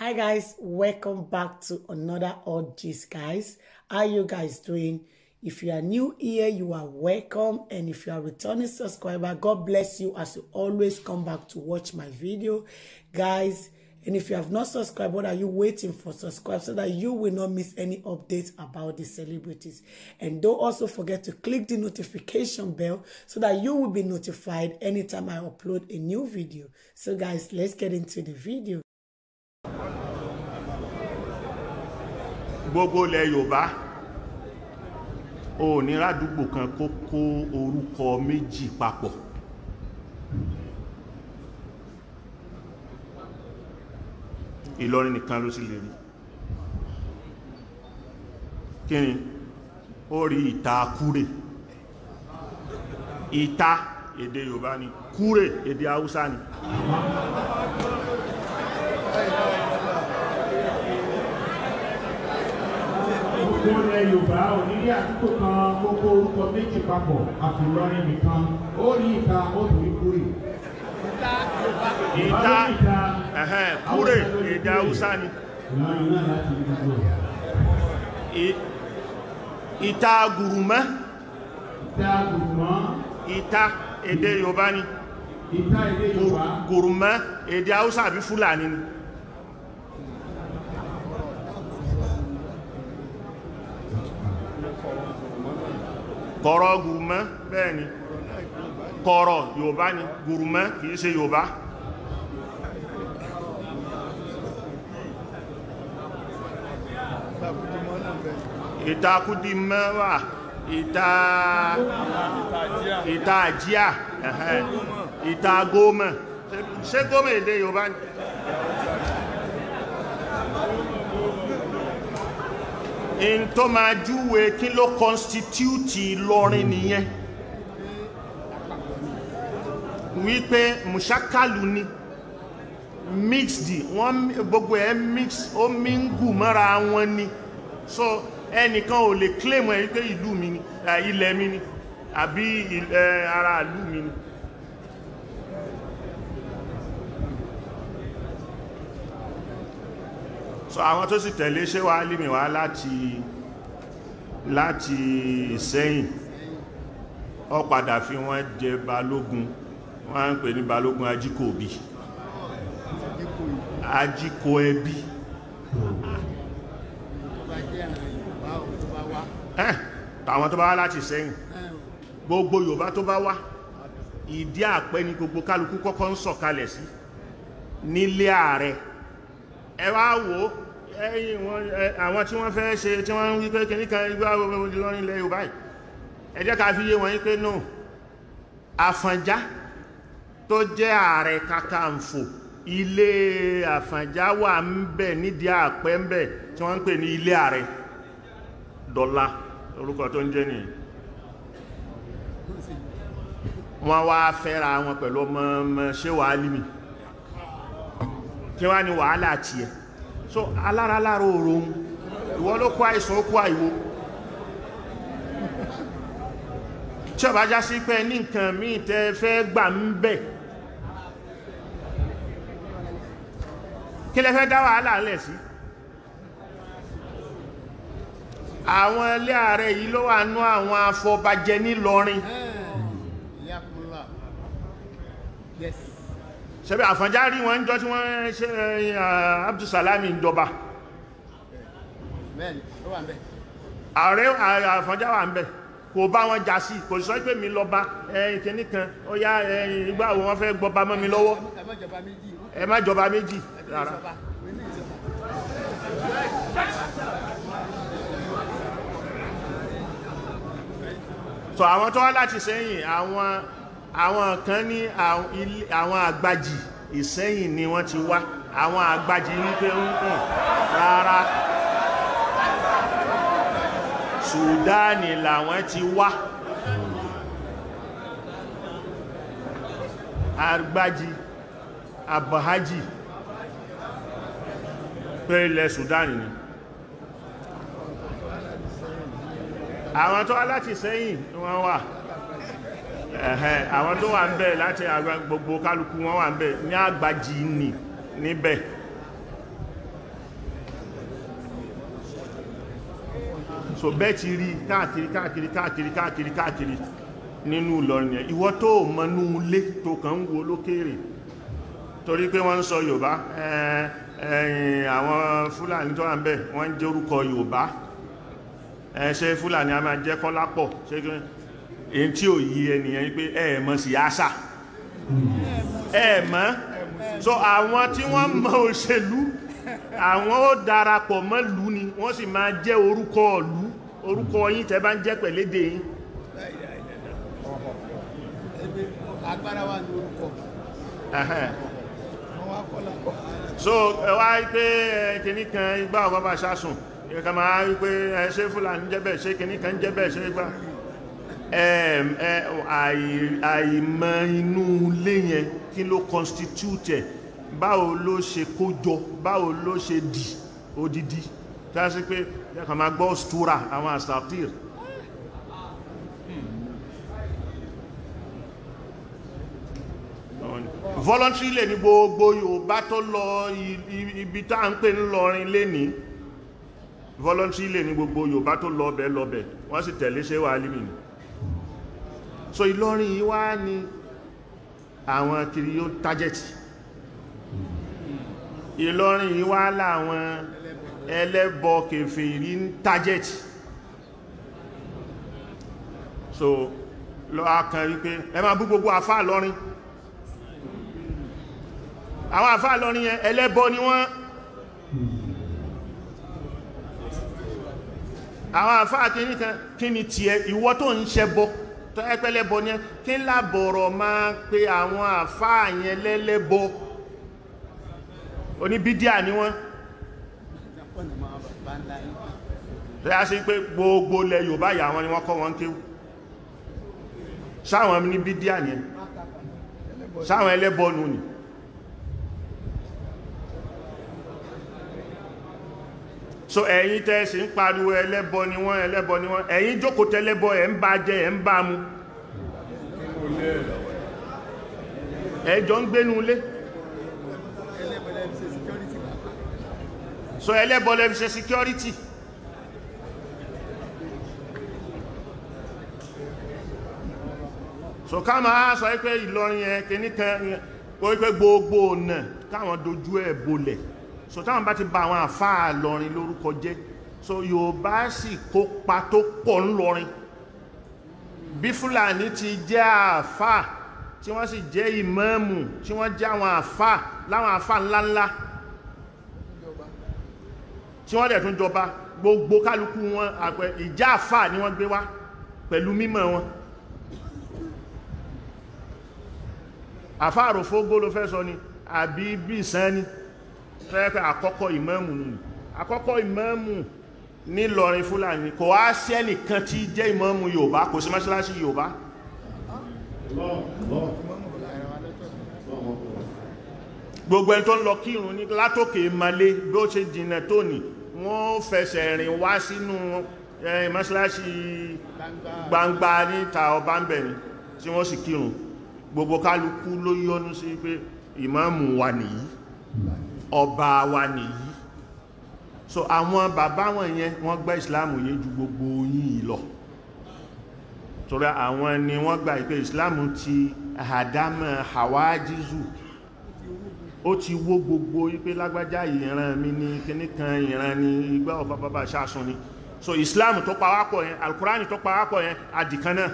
hi guys welcome back to another odd gist guys how you guys doing if you are new here you are welcome and if you are returning subscriber god bless you as you always come back to watch my video guys and if you have not subscribed what are you waiting for subscribe so that you will not miss any updates about the celebrities and don't also forget to click the notification bell so that you will be notified anytime i upload a new video so guys let's get into the video gbogbo ilẹ̀ Yorùbá o ní rádúgbò kan kó kó orúkọ méjì papọ̀ Ìlọrin nìkan ló sì lè rí kí ni ó rí ìta kúrè ìta èdè Yorùbá ni kúrè èdè Haúsá ni Yorùbá ò ní rí àdúgbò kan kókó orúkọ méjì papọ̀ àfìlọrin nìkan ó rí ìta ó tó rí kúrè. ìta kúrè èdè haúsá ni. ìta gùrùmọ́. ìta gùrùmọ́. ìta èdè Yorùbá ni. ìta èdè Yorùbá. gùrùmọ́ èdè haúsá àbí Fúlàní ni. kọ̀rọ̀ gùrùmọ́ bẹ́ẹ̀ ni kọ̀rọ̀ yorùbá ni gùrùmọ́ kìí ṣe yorùbá ìtakúdí mẹ́wà ìtajíà ìtagómọ̀ ṣé gómẹ̀ èdè yorùbá ni in tó máa júwe kí ló constitute Ìlọrin nìyẹn wípé mùsákàlù ni mixed wọ́n gbogbo ẹ̀ mix ó mingu mọ́ra wọn ni so ẹnìkan ò lè claim ẹ̀ wípé ìlú mi ni ilẹ̀ mi ni àbí ara ìlú mi ni. so àwọn tó sì tẹ̀lé ṣé wàá lè mìwá láti láti ìsẹ́yìn ó padà fi wọ́n jẹ balógun wọ́n ń pè ní balógun ajíkòbí ajíkò ẹbí àwọn tó bá wá láti ìsẹ́yìn gbogbo Yorùbá tó bá wá ìdí àpẹ́ ni gbogbo kálukú kọ́kọ́ ń sọ̀kalẹ̀ sí nílé ààrẹ ẹ wá wò ó ẹ̀yìn wọn àwọn tí wọ́n fẹ́ ṣe tí wọ́n ń wí pé kìnní kan igbá wọn ilẹ̀ Yorùbá yìí ẹ jẹ́ ká fi yé wọn yín pé no Àfọ̀njá tó jẹ́ ààrẹ kàkàǹfò ilé Àfọ̀njá wà ń bẹ̀ nídìí àpẹ́ ń bẹ̀ tí wọ́n ń pè ní ilé ààrẹ dọ́là orúkọ tó ń jẹ́ nìyí wọ́n wá fẹ́ra wọn pẹ̀lú ọmọ ọmọ ṣéwàá límì kí wá ní wàhálà àti ẹ̀ so alára lára oòrùn ìwọ ló kó àìsàn ó kó àìwo tí ọba já sí pé ní nǹkan míì tẹ́ fẹ́ gbà ń bẹ̀ kí lẹ fẹ́ dá wàhálà ńlẹ̀ sí àwọn ilé ààrẹ yìí ló wà nú àwọn afọbajẹ nílọrin. Hey. ṣebí àfànjá rí wọn ń jọ tí wọ́n ṣe eh, Abdulsalami ń ààrẹ eh, àfànjá wà ń bẹ̀ kò bá wọn jà sí kò sọ pé mi lọ bá ẹ̀ẹ́kẹ́ni eh, kan ó yá ìgbà wọn fẹ́ gbọba mọ́ mi lọ́wọ́ ẹ má jọba méjì rárá so àwọn tó láti sẹ́yìn àwọn àwọn kan ní àwọn àgbàjì ìsẹ́yìn ni wọ́n ti wá àwọn àgbàjì wípé ń kùn rárá sùdáàni làwọn ti wá àgbàjì àbáhájì pé ilẹ̀ sùdáàni ni àwọn tó wá láti sẹ́yìn wọ́n wà. Wa ẹ̀hẹ́n àwọn tó wà ń bẹ̀ láti gbogbo kálukú wọn wà ń bẹ̀ ní àgbàjì nì níbẹ̀ so bẹ́ẹ̀ ti rí káàkiri káàkiri káàkiri káàkiri káàkiri nínú Ìlọrin yẹn ìwọ tó mọ́nú lé tó kàn ń wo lókèrè torí pé wọ́n ń sọ Yorùbá ẹ̀yìn àwọn Fúlàní tó wà ń bẹ̀ wọ́n ń jẹ́ orúkọ Yorùbá ẹ̀ ṣe Fúlàní a máa jẹ́ Kọ́lápọ̀ ṣe èyí tí ò yí ẹnìyàn pé ẹ sí àṣà ẹ so àwọn tí wọ́n mọ̀ òṣèlú àwọn ó darapọ̀ mọ́ lù ni wọ́n sì máa jẹ́ orúkọ lù orúkọ yín tẹ́ bá ń jẹ́ pẹ̀lédè yín so wá pé kìíní kan igbá ọ̀pá bá ṣásùn ìkàmà wípé ṣé fúlàní jẹ́bẹ̀ ṣé kìíní kan jẹ́bẹ̀ ṣé gbá àìmọ̀ inú ilé yẹn kí ló constitute ẹ̀ báwo ló ṣe kójọ báwo ló ṣe dì odidi tí a sì pé ẹ̀kàn máa gbọ́ stura àwọn asatir voluntary lè ní gbogbo Yorùbá tó lọ ibi tá à ń pè ní lọrin lẹ́ni voluntary lè ní gbogbo Yorùbá tó lọ bẹ́ẹ̀ lọ bẹ́ẹ̀ wọ́n sì tẹ̀lé ṣé wàá límì ni so Ìlọrin yìí wá ní àwọn kiri yóò tájẹ̀tì Ìlọrin yìí wá láwọn ẹlẹ́bọ kèfèrí ń tájẹ̀tì so lọ akàn wípé ẹ máa bú gbogbo àfá lọ́rin àwọn àfá lọ́rin yẹn ẹlẹ́bọ ni wọ́n àwọn àfá kìíní kan kí ni tiẹ̀ ìwọ tó ń ṣẹbọ tó ẹgbẹ́lẹ́bọ ní kí lábọ̀rọ̀ máa pe àwọn àfáà yẹn lẹ́lẹ́bọ oníbídíà ni wọ́n rẹ̀ a ṣe pé gbogbo lẹ Yorùbá yà wọn ni wọ́n kọ́ wọn kéwú sáwọn ní bídíà ni sáwọn ẹlẹ́bọ nù ni so ẹ̀yin tẹ́ sì ń pariwo ẹlẹ́bọ ni wọ́n ẹlẹ́bọ ni wọ́n ẹ̀yin jókòó tẹ́lẹ́bọ ẹ̀ ń bá jẹ ẹ̀ ń bá mu ẹjọ́ ń gbénu lé so ẹlẹ́bọ lẹ́fi security so ká máa sọ pé Ìlọrin ẹ̀ kìíní kan wọ́n pẹ́ gbogbo ọ̀nà káwọn dojú ẹ̀ bolẹ̀ so táwọn bá ti ba àwọn àfáà lọrin lórúkọ jẹ́ so yorùbá sì kópa tó pọ̀ ń lọrin bí fúlàní ti jẹ́ àfáà tí wọ́n sì jẹ́ ìmáàmù tí wọ́n jẹ́ àwọn àfáà láwọn àfáà ńláńlá tí wọ́n dẹ̀ tún jọba gbogbo kálukú wọn àpẹ ìjà àfáà ni wọ́n gbé wá pẹ̀lú mímọ̀ wọn àfáà rò fógó ló fẹ́ sọ ni àbí bí ìsán ni. Àbí, tẹ́lẹ̀pẹ́ àkọ́kọ́ ìmáàmù nù àkọ́kọ́ ìmáàmù ní Ìlọrin Fúlàní kò wá sí ẹnìkan tí jẹ́ ìmáàmù Yorùbá kò sí mọ́ṣáláṣí Yorùbá gbogbo ẹni tó ń lọ kírun ní látòkè malé bí ó ṣe jìnà tó ní wọ́n fẹsẹ̀ rìn wá sínú mọ́ṣáláṣí gbangba níta ọba ń bẹ̀rin tí wọ́n sì kírun gbogbo kálukú ló yọ́nú sí pé ìmáàmù wa nìyí ọba wa nìyí so àwọn bàbá wọn yẹn wọ́n gbà ìsìláàmù yé ju gbogbo yín lọ torí àwọn ni wọ́n gbà pé ìsìláàmù ti àdámọ̀ hawajizu ó ti wó gbogbo wípé lágbájá ìran mi Ni kíníkan ìran ní igbá ọ̀fà bàbá ṣáṣun ni so islam tó pawápọ̀ yẹn alkùránì tó pawápọ̀ yẹn àdìkan náà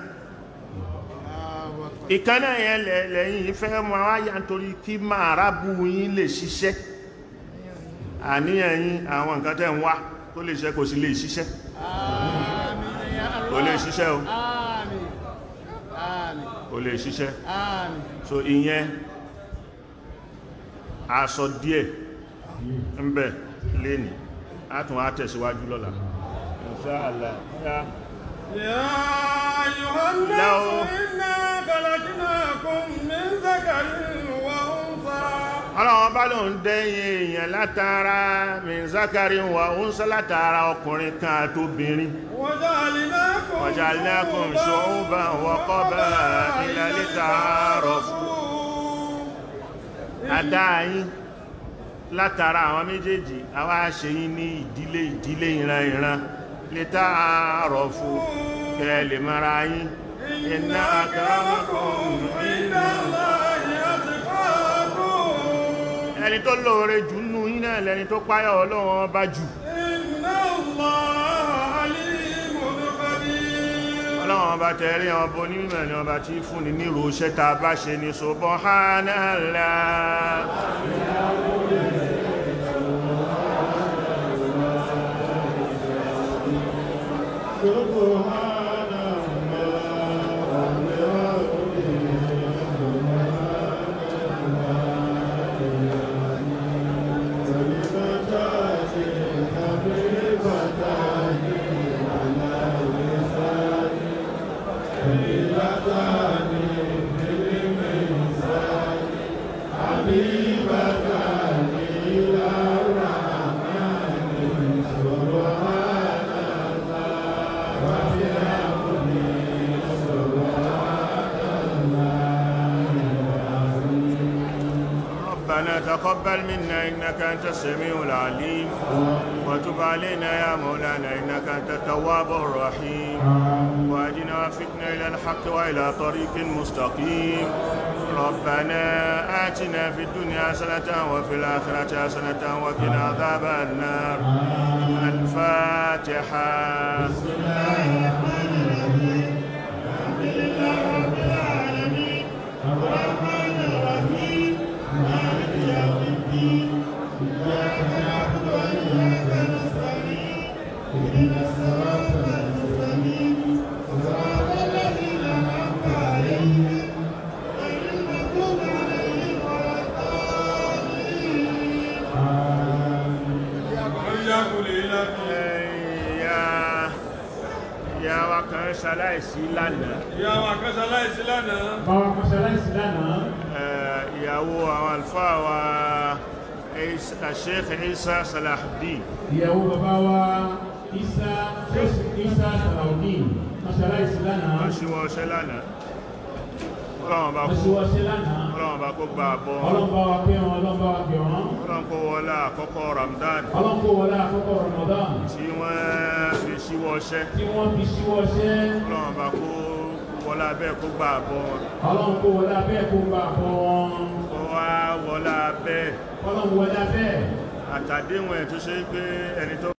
ìkan náà yẹn lẹ́yìn ìfẹ́ mọ́ wáyà nítorí kí máa rábù yín lè ṣiṣẹ́ àníyàn yín àwọn nǹkan tẹ́ ń wá tó lè ṣe kò sí lè ṣiṣẹ́ kò lè ṣiṣẹ́ o kò lè ṣiṣẹ́ so ìyẹn aṣọ díẹ̀ ń bẹ lẹ́ni a tún á tẹ̀síwájú lọ́la insha Allah ya lòun dẹ́yìn èèyàn látara mìzákàrí wà ó ń sọ látara ọkùnrin kan àtòbìnrin wàjàlẹ́kùn ṣòwúbà wọ́kọ́bà ìlàlítà rọ̀ adáyín látara àwọn méjèèjì àwa àṣeyín ní ìdílé ìdílé ìran ìran lítà rọ̀ fún kẹ́ lè mara yín iná àkàrà ọkùnrin ẹni tó lóore jù nínú yín náà lẹni tó páyà ọlọ́run ọba jù ọlọ́run ọba tẹ̀rí ọba onímọ̀ ni ọba tí fún ni nírò iṣẹ́ bá ṣe ní ṣùgbọ́n hánàlá Obrigado. ربنا تقبل منا إنك أنت السميع العليم وتب علينا يا مولانا إنك أنت التواب الرحيم وأجنا وفتنا إلى الحق وإلى طريق مستقيم ربنا آتنا في الدنيا حسنة وفي الآخرة حسنة وقنا عذاب النار الفاتحة kan ṣaláìsí lánàá. ìyàwó àkan ṣaláìsí lánàá. bàbá kan ṣaláìsí lánàá. Eh, ìyàwó àwọn àlùfáà wa Sheikh Isa Salahuddin. ìyàwó bàbá wa Isa Isa Salahuddin kan ṣaláìsí lánàá. aṣíwọ́ ṣe lánàá. ọlọ́run bá kú. aṣíwọ́ ṣe lánàá ọlọ́run bá kó gba àbọ̀ ọlọ́run bá wa pé wọn kó wọlá àkọ́kọ́ Ramadan ọlọ́run kó wọlá Ramadan tí wọ́n fi ṣíwọ́ ṣẹ́ tí wọ́n fi ṣíwọ́ ṣẹ́ ọlọ́run bá kó wọlá bẹ́ẹ̀ kó gba àbọ̀ wọn ọlọ́run kó wọlá wá wọlá bẹ́ẹ̀ ọlọ́run ẹ̀ tó ṣe pé ẹni tó